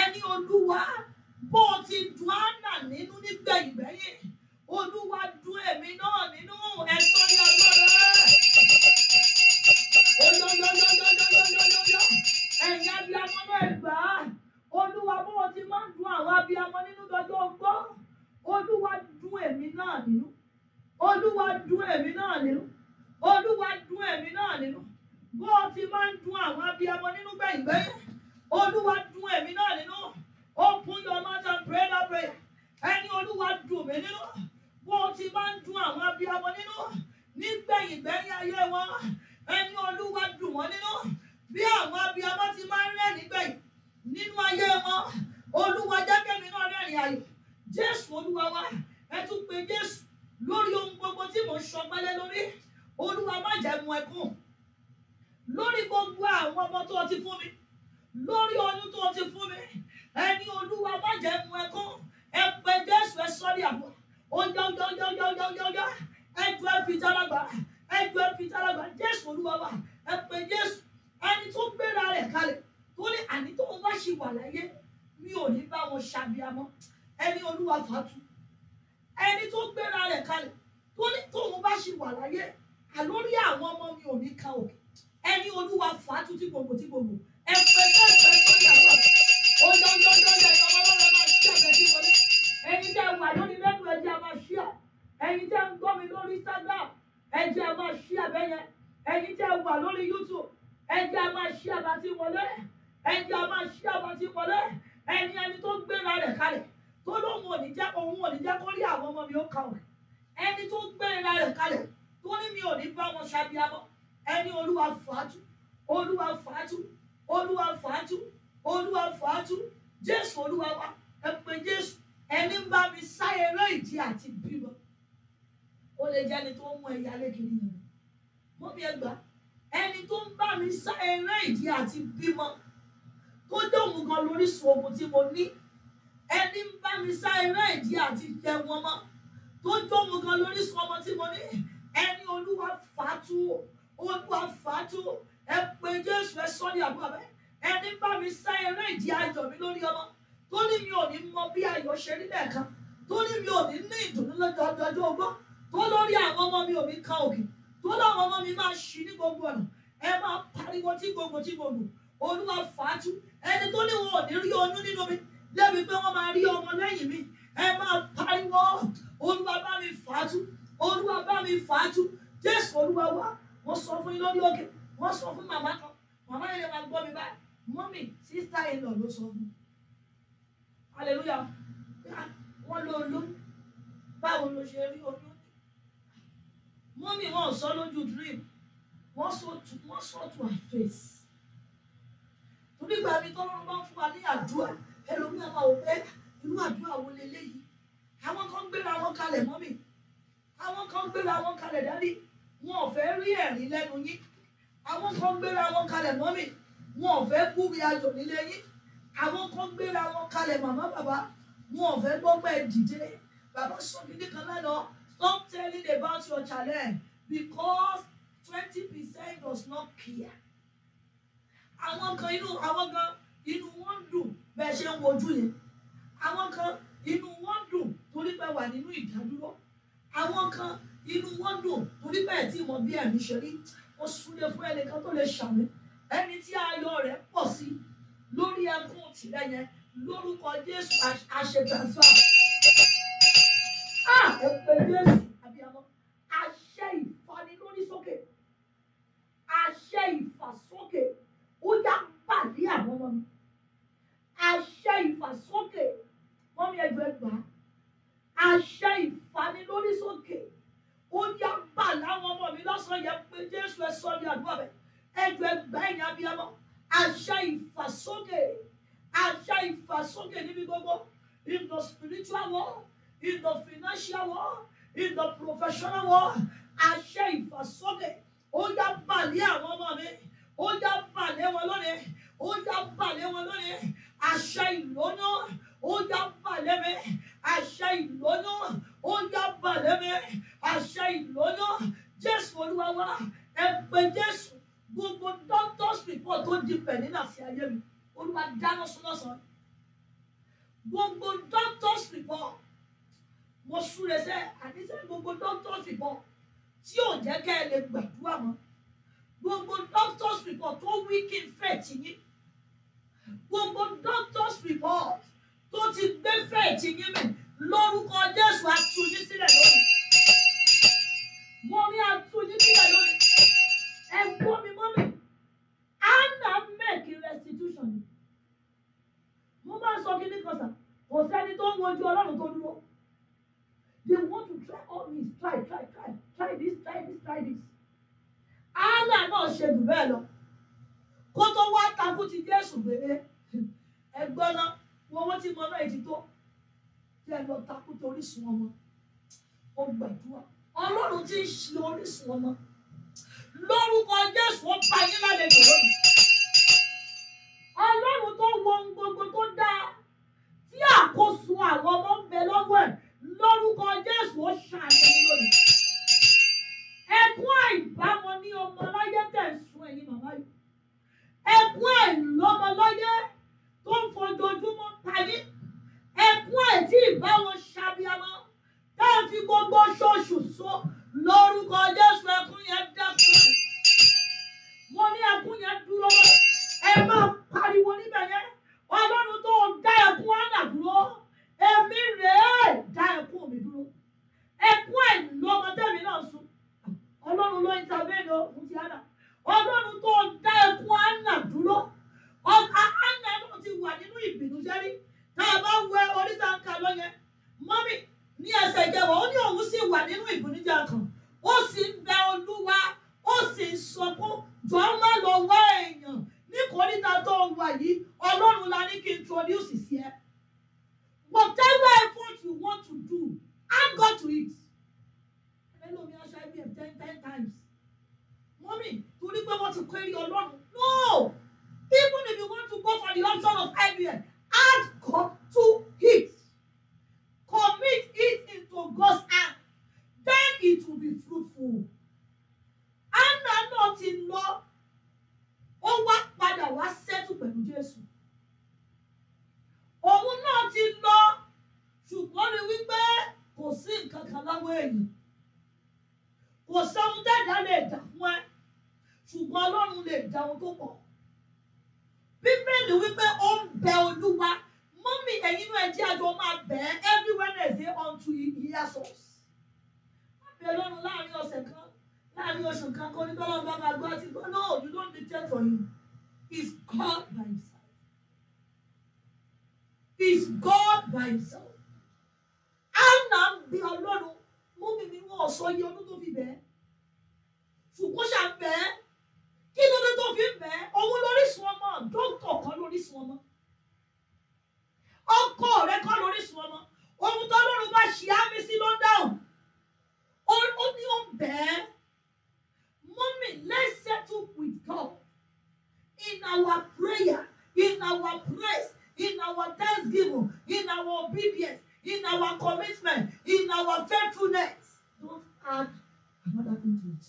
ẹni olúwa bó o ti du ánà nínú nígbẹ̀yìn gbẹ̀yìn olúwa du èmi náà nínú ẹ̀sọ́ ní ọjọ́ rẹ̀. àti bímọ ó lè jẹ́ ẹni tó ń mú ẹ̀yà lẹ́kìrì yìí mọ́ mi ẹ gbà ẹni tó ń bá mi sá eré ìdí àti bímọ tó dóhùn gan lóríṣun ogun tí mo ní ẹni ń bá mi sá eré ìdí àti jẹun ọmọ tó dóhùn gan lóríṣun ọmọ tí mo ní ẹni olúwa fàtú olúwa fàtú ẹ pé jésù ẹ sọ ní àbúrò ẹni ń bá mi sá eré ìdí ayọ̀ mi lórí ọmọ tó ní mi ò ní mọ bí ayọ̀ ṣe rí lẹ́ẹ̀kan torí mi ò ní ní ìdùnnú lọ́jọ́ ọjọ́ ogbó tó lórí àwọn ọmọ mi ò ní ka òkè tó láwọn ọmọ mi máa ṣí ní gbogbo ọ̀nà ẹ máa pariwo tí gbogbo tí gbogbo olúwa fàájú ẹni tó ní wọn ò ní rí oyún nínú mi débi pé wọ́n máa rí ọmọ lẹ́yìn mi ẹ máa pariwo olúwa bá mi fàájú olúwa bá mi fàájú jésù olúwa wá wọ́n sọ fún yín lórí òkè wọ́n sọ fún màmá kan màmá yẹn lè máa gbọ́ mi báyìí mọ́mì sísá yẹn lọ ló sọ fún hallelujah wọ́n ló lóyún báwo ló ṣe rí olóyún mọ́mì wọn ò sọ lójú dream wọ́n sọ̀tù wọ́n sọ̀tù àfẹ́sì torí gba mi tọ́lọ́run bá ń fún wa ní àdúrà ẹlòmíràn máa wò pé irú àdúrà wo leléyìí àwọn kan gbéra wọn kalẹ̀ mọ́mì àwọn kan gbéra wọn kalẹ̀ dárí wọn ò fẹ́ rí ẹ̀rín lẹ́nu yín àwọn kan gbéra wọn kalẹ̀ mọ́mì wọn ò fẹ́ kú bí ayọ̀ nílé yín àwọn kan gbéra wọn kalẹ̀ màmá bàbá wọn ò fẹ́ gbọ́ pé dìde bàbá sọ̀kìdì kan lánàá stop telling about your challenge because twenty percent does not care àwọn kan inú àwọn kan inú wọn dùn bẹ́ẹ̀ ṣe ń wojú yẹn àwọn kan inú wọn dùn torí pé wà nínú ìdádúró àwọn kan inú wọn dùn torí pé ẹ̀ tí mo bí ẹ̀mí ṣe rí ó súnlé fún ẹnìkan tó lè ṣàmì ẹni tí ayọ̀ rẹ̀ pọ̀ sí lórí ẹkún tìrẹ yẹn lórúkọ Jésù àṣẹ transfer ah ẹ pé Jésù àbíyamọ àṣẹ ìfani lórí sókè àṣẹ ìfàsókè ó yá pàdé àwọn ọmọ mi àṣẹ ìfàsókè wọn mi ẹjọ ẹgbà àṣẹ ìfani lórí sókè ó yá pàdé àwọn ọmọ mi lọ́sàn-án yẹ pé Jésù ẹ sọ ní àdúrà bẹ ẹjọ ẹgbà ẹ̀yìn àbíyamọ àṣẹ ìfàsókè àṣà ìfàsókè níbi gbogbo in the spiritual world in the financial world in the professional world àṣà ìfàsókè ó yá bàlẹ́ àwọn ọmọ mi ó yá bàlẹ́ wọn lónìí ó yá bàlẹ́ wọn lónìí àṣà ìlónà ó yá bàlẹ́ mi àṣà ìlónà ó yá bàlẹ́ mi àṣà ìlónà jésù olúwa wa ẹ pé jésù gbogbo doctors report tó di pẹ̀lú àti ayé mi olúwa dáná sun lọ́sàn-án gbogbo doctors report mo súre sẹ́ àníṣe gbogbo doctors report tí ò jẹ́ kẹ́ ẹ lè gbàdúrà mọ́ gbogbo doctors report tó wí kí n fẹ́ tì yín gbogbo doctors report tó ti gbé fẹ́ tì yín mi lórúkọ Jésù àtúnyí sílẹ̀ lónìí mo ní àtúnyí sílẹ̀ lónìí ẹ gbọ́ mi mọ́ mi anna make restitution mo máa sọ kí ní kan sà kò sẹ́ni tó ń wojú ọlọ́run tó dúró they want to try all this try try try try this try this try this allah náà ṣe jù bẹ́ẹ̀ lọ kó tó wá takú ti jésù gbèrè ẹgbọ́n náà wọ́n ti mọ náà ètí tó tẹ́ lọ takú tó orísun ọmọ ó gbàdúrà ọlọ́run ti ń ṣe orísun ọmọ lórúkọ jésù ó pa yín lálejò lónìí ọlọ́run tó wo ohun gbogbo tó dáa tí àkóso àwọn ọmọ ń bẹ lọ́wọ́ ẹ̀ lórúkọ jésù ó ṣàánú lónìí ẹkún àìbámọ ní ọmọ lọ́yẹ́ tẹ̀sùn ẹ̀yin màmá yìí ẹkún àìlọ́mọ lọ́yẹ́ tó ń fojoojúmọ́ tayé ẹkún àìtí ìbáwọn ṣàbíamọ tá a fi gbogbo ṣoṣù so lórúkọ jésù ẹkún yẹn dẹ́kun mo ní ẹkún yẹn dúró ẹ máa. pariwo níbẹ̀ yẹn ọlọ́run tó dá ẹkún ánà dúró èmi rèé dá ẹkún mi dúró ẹkún ẹ̀ lọ́mọdébí náà sùn ọlọ́run ló ń tabẹ́ lọ fún ti ánà ọlọ́run tó dá ẹkún dúró náà ti wà nínú ìbìnújẹ́ rí tá a bá wẹ oríta ń ka ní ẹsẹ̀ ó ní ní kòríta tó ń wà yìí ọlọ́run la ní kí n introduce sí ẹ. whatever effort you want to do add God to it. ẹlòmí aṣọ ibm ten ten times mọ́mì torí pé wọ́n ti kọ́ eré ọlọ́run no even if you want to go for the option of ibm add God to it commit it into God's hand then it will be fruitful. Anna náà ti lọ. ó wá padà wá sẹ́tù pẹ̀lú Jésù òun náà ti lọ ṣùgbọ́n rí wípé kò sí nǹkan kan láwọn èèyàn kò sóhun dẹ́dá lè dà fún ẹ ṣùgbọ́n Ọlọ́run lè dá ohun tó pọ̀ bíbélì wípé ó ń bẹ Olúwa mọ́mì ẹ̀yin náà ẹjẹ́ àjọ máa bẹ̀ ẹ́ every Wednesday unto ìyá sọ̀s. Àbí Ọlọ́run láàrin ọ̀sẹ̀ kan láàrin oṣù kan kọ́ ní tọ́lọ́ bá máa gbọ́ àti gbọ́ náà you don't dictate for him is God by himself. Is God by himself. Anna ń bí Ọlọ́run mú mi ní wọn ọ̀sọ́ yí ọdún tó fi bẹ́ẹ̀. Ṣùgbọ́n ṣàbẹ́ kí ló dé tó fi bẹ́ẹ̀? Òun lóríṣun ọmọ, dókítà kan lóríṣun ọmọ. Ọkọ rẹ kọ́ lóríṣun ọmọ. Ohun tó lọ́run bá ṣe á mi sí ló Ó ní ó ń bẹ́ẹ̀. Mọ́mì, let's settle with God in our prayer, in our praise, in our thanksgiving, in our obedience, in our commitment, in our faithfulness. Don't add another thing to it.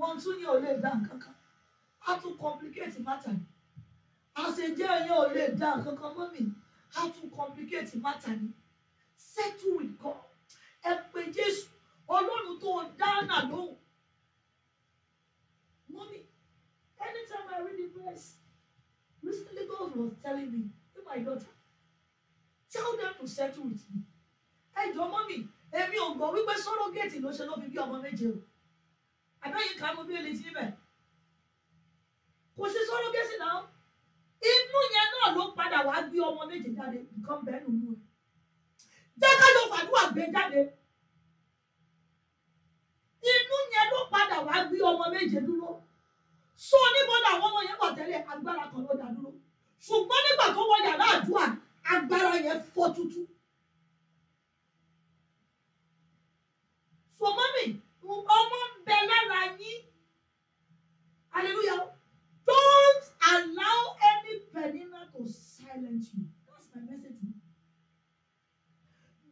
Wọ́n tún yẹn ò lè dá nǹkan kan. A tún complicate matter. I yẹn "Dear, you dá nǹkan kan mọ́ mi. A tún complicate matter ni. Settle with God. Ẹ pè Jésù. Ọlọ́run tó dáná lóhùn. Anytime I read the verse, recently God was telling me, hey, oh my daughter, tell them to settle with me. Hey, Ẹ jọ mọ́ mi, èmi ò gbọ́ wípé sọ́rọ́gẹ̀tì ló ṣe you fi bí ọmọ méje o. Àbẹ́yìn ká mo bí olè ti níbẹ̀. Kò sí sọ́rọ́gẹ̀tì náà. Inú yẹn náà ló padà wá gbé ọmọ méje jáde nǹkan bẹ́ẹ̀ nínú ẹ̀. Jẹ́ ká lọ fàdúrà gbé jáde. Inú yẹn ló padà wá gbé ọmọ méje dúró. So sọ níbo làwọn ọmọ yẹn wà tẹ́lẹ̀ agbára kan ló dá dúró ṣùgbọ́n nígbà tó wọ yàrá àdúrà agbára yẹn fọ́ tútú. fọmọ mi ọmọ ń bẹ lára yín hallelujah don't allow any penina to silence you that's my message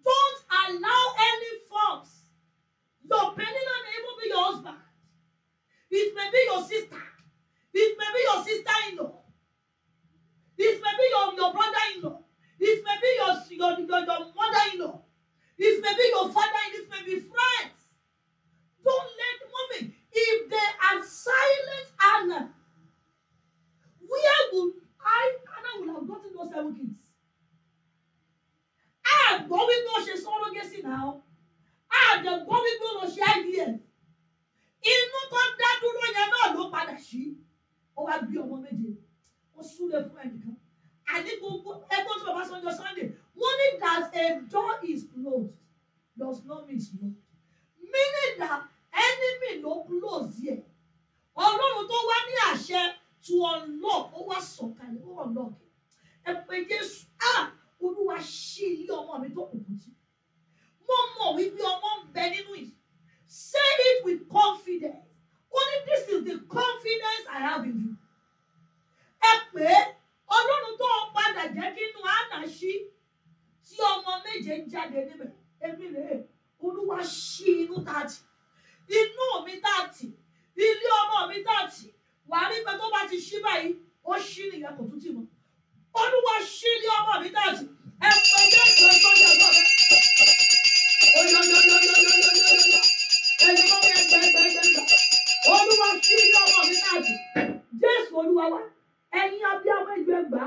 don't allow any force your penina may even be your husband it may be your sister It may be your sister-in-law. It may be your, your brother-in-law. It may be your, your, your, your mother-in-law. It may be your father. It may be friends. Don't let women, if they are silent, Anna, where would I, Anna would have gotten those seven kids? àgbọ̀ wípé ó ṣe sọ́rọ́gẹ́sì náà àdẹ̀gbọ́ wípé ó lọ ṣe IVF inú tó dá dúró yẹn náà no padà sí ó wá bí ọmọ méje ó súlẹ̀ fún ẹnìkan àní gbogbo ẹgbẹ́ tí bàbá sanjọ sunday morning that a door is closed does not mean it's locked meaning that enemy no close yẹ ọlọ́run tó wá ní àṣẹ to unlock ó wá sọ̀kalẹ̀ ó unlock ẹ pé jésù ah olúwa ṣí ilé ọmọ mi tó kùkù tí mo mọ̀ wípé ọmọ ń bẹ nínú yìí say it with confidence ó ní this is the confidence I have in you. ẹ pé ọlọ́run tó ń padà jẹ́ kí inú àná ṣí tí ọmọ méje ń jáde níbẹ̀ èmi rèé olúwa ṣí inú tààtì inú mi tààtì ilé ọmọ mi tààtì wàá rí pé tó bá ti ṣí báyìí ó ṣí nìyẹn kò tún tì mọ́ olúwa ṣí ilé ọmọ mi tààtì ẹ pé jẹ́ ìjọ ìtọ́jú ọ̀dọ́ rẹ. Oyoyoyoyoyoyoyoyo ẹni mọ́ mi ẹgbẹ́ ẹgbẹ́ ẹgbẹ́ olúwa sí ilé ọmọ mi náà jù jésù olúwa wa ẹ̀yin abiyamọ ìjọ ẹgbà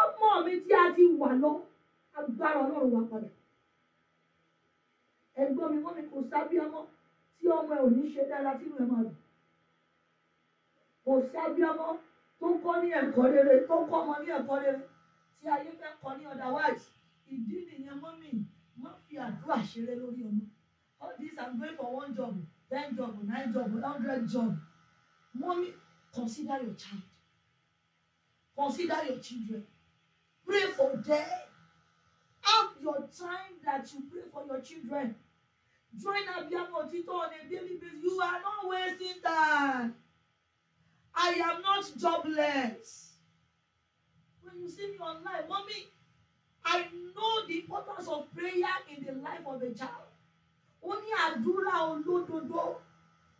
ọmọ mi tí a ti wà lọ agbára ọlọ́run wa padà ẹ̀gbọ́n mi wọ́n mi kò sábíamọ́ tí ọmọ ẹ̀ ò ní ṣe dára tí inú ẹ̀ máa dùn kò sábíamọ́ tó kọ́ ní ẹ̀kọ́ rere tó kọ́ ọmọ ní ẹ̀kọ́ rere tí ayé fẹ́ kọ́ ní otherwise ìdí nìyẹn mọ́mì má fi àdúrà ṣeré lórí ọmọ all this I'm going for one job. ten job nine job hundred job mommy consider your child consider your children pray for them have your time that you pray for your children join abia motito on a daily basis you are not wasting time i am not jobless when you see me online mommy i know the importance of prayer in the life of a child ó ní àdúrà olódodo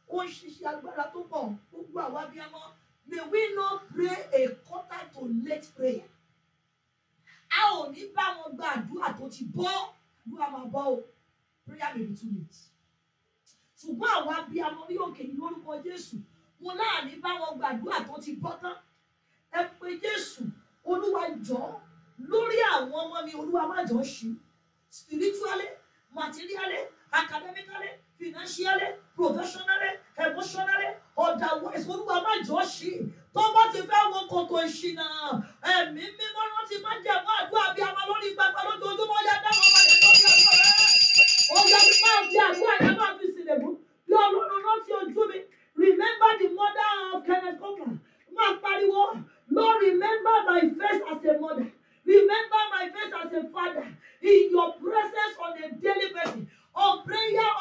ó ń ṣiṣẹ́ agbára tó pọ̀ gbogbo àwa bí ọmọ may we not pray a quarter to late prayer a ò ní bá wọn gba àdúrà tó ti bọ́ àdúrà máa bọ́ o prayer may be too late ṣùgbọ́n àwa bí ọmọ ní òkè ní lórúkọ Jésù mo láàní bá wọn gbàdúrà tó ti bọ́ tán ẹ pé Jésù olúwa jọ̀ọ́ lórí àwọn ọmọ mi olúwa má jọ̀ọ́ ṣe spiritually materially academically financially professionally emotionally otherwise olúwa má jọ ṣe tó bá ti fẹ́ wo kòkò ìṣìnà ẹ̀mí mímọ́ rántí má jẹ̀ mọ́ àdúrà bí ama lórí pápá lójoojúmọ́ yá dáhùn ọmọ rẹ̀ lórí ọjọ́ rẹ̀ ọjọ́ mi máa fi àdúrà yẹn máa fi sílẹ̀ mú bí ọlọ́run rántí ojú mi remember the mother of Kenneth Copeland máa pariwo Lord remember my face as a mother remember my face as a father in your presence on a daily basis of prayer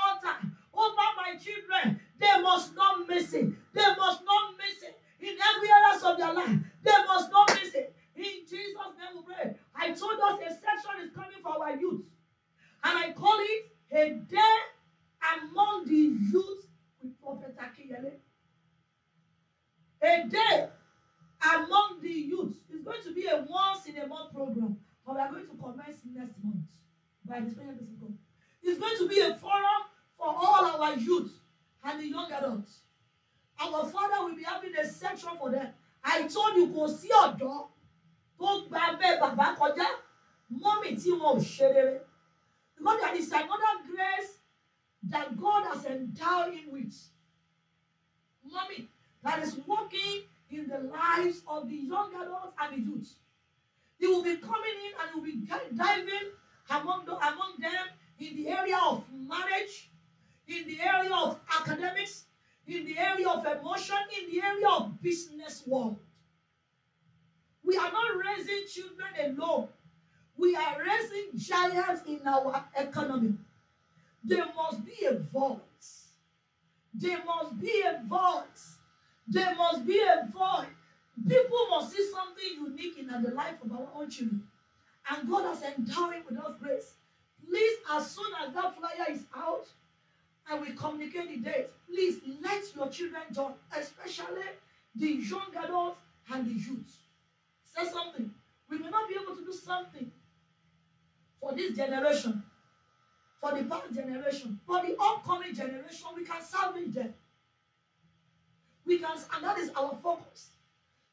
We can, and that is our focus.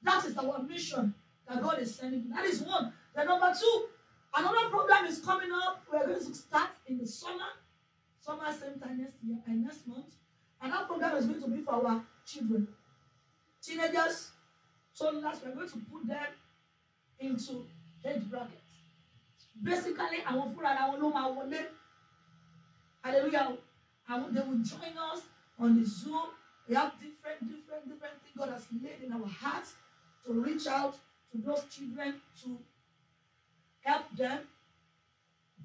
That is our mission that God is sending. That is one. Then number two, another program is coming up. We're going to start in the summer, summer same time next year and next month. And that program is going to be for our children, teenagers, toddlers. We're going to put them into age brackets. Basically, I will fúnra ara wọn ló my wọlé. Hallelujah. And they will join us on the Zoom We have different, different, different things God has laid in our hearts to reach out to those children to help them.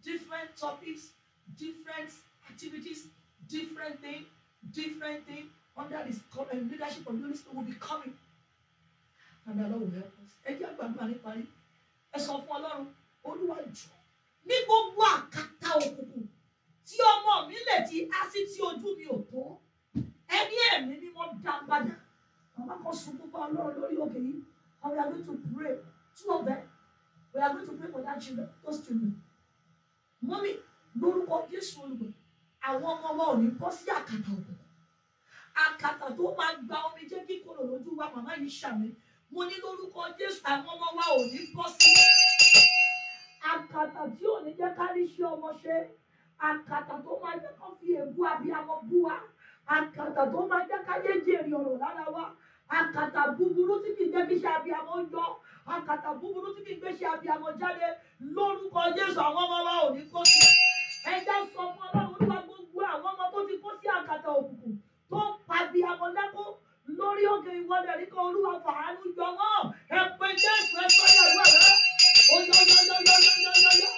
Different topics, different activities, different thing, different thing under this uh, leadership of the Holy Spirit will be coming. And the Lord will help us. Ẹ jẹ́ àgbàdua nípa yín. Ẹ sọ fún Ọlọ́run, Olúwa jù. Ní gbogbo àkàtà òkùnkùn tí ọmọ mi lè ti á sí tí ojú mi ò tó ẹni ẹ̀mí ni mo dá padà màmá kan sunkún bá ọlọ́run lórí òkè yìí and we are going to pray two of them we are going to pray for that children those children mọ́mí lórúkọ Jésù olùgbé àwọn ọmọ wa ò ní bọ́ sí àkàtà òkùnkùn àkàtà tó máa gba omi jẹ́ kíkorò lójú wa màmá yìí ṣàmì mo ní lórúkọ Jésù àwọn ọmọ wa ò ní bọ́ sí àkàtà tí ò ní jẹ́ ká rí iṣẹ́ ọmọ ṣe àkàtà tó máa jẹ́ kó fi èébú abiyamọ bú wa àkàtà tó máa jẹ́ káyé jèrè ọ̀rọ̀ lára wa àkàtà búburú tí kì í jẹ́ kí iṣẹ́ abiyamọ yọ àkàtà búburú tí kì í gbéṣẹ́ abiyamọ jáde lórúkọ Jésù àwọn ọmọ wa ò ní kó sí ẹjẹ́ sọ fún Ọlọ́run nípa gbogbo àwọn ọmọ tó ti kó sí àkàtà òkùnkùn tó ń pa abiyamọ lẹ́kọ́ lórí òkè ìwọlẹ̀ rí kan Olúwa fàánú yọ wọ́n ẹ pé Jésù ẹ sọ́yà lọ́rẹ́ ó yọ yọ yọ yọ yọ yọ.